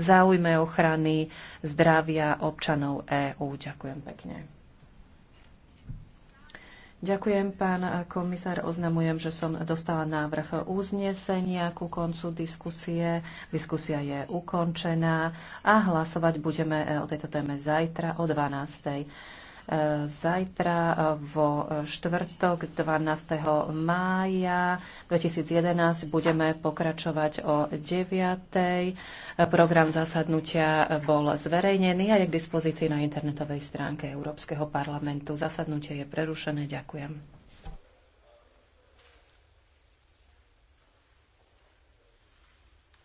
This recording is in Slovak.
v záujme ochrany zdravia občanov EÚ. Ďakujem pekne. Ďakujem, pán komisár. Oznamujem, že som dostala návrh uznesenia ku koncu diskusie. Diskusia je ukončená a hlasovať budeme o tejto téme zajtra o 12. Zajtra eh, vo štvrtok 12. mája 2011 budeme pokračovať o 9. Program zasadnutia bol zverejnený a je k dispozícii na internetovej stránke Európskeho parlamentu. Zasadnutie je prerušené. Ďakujem.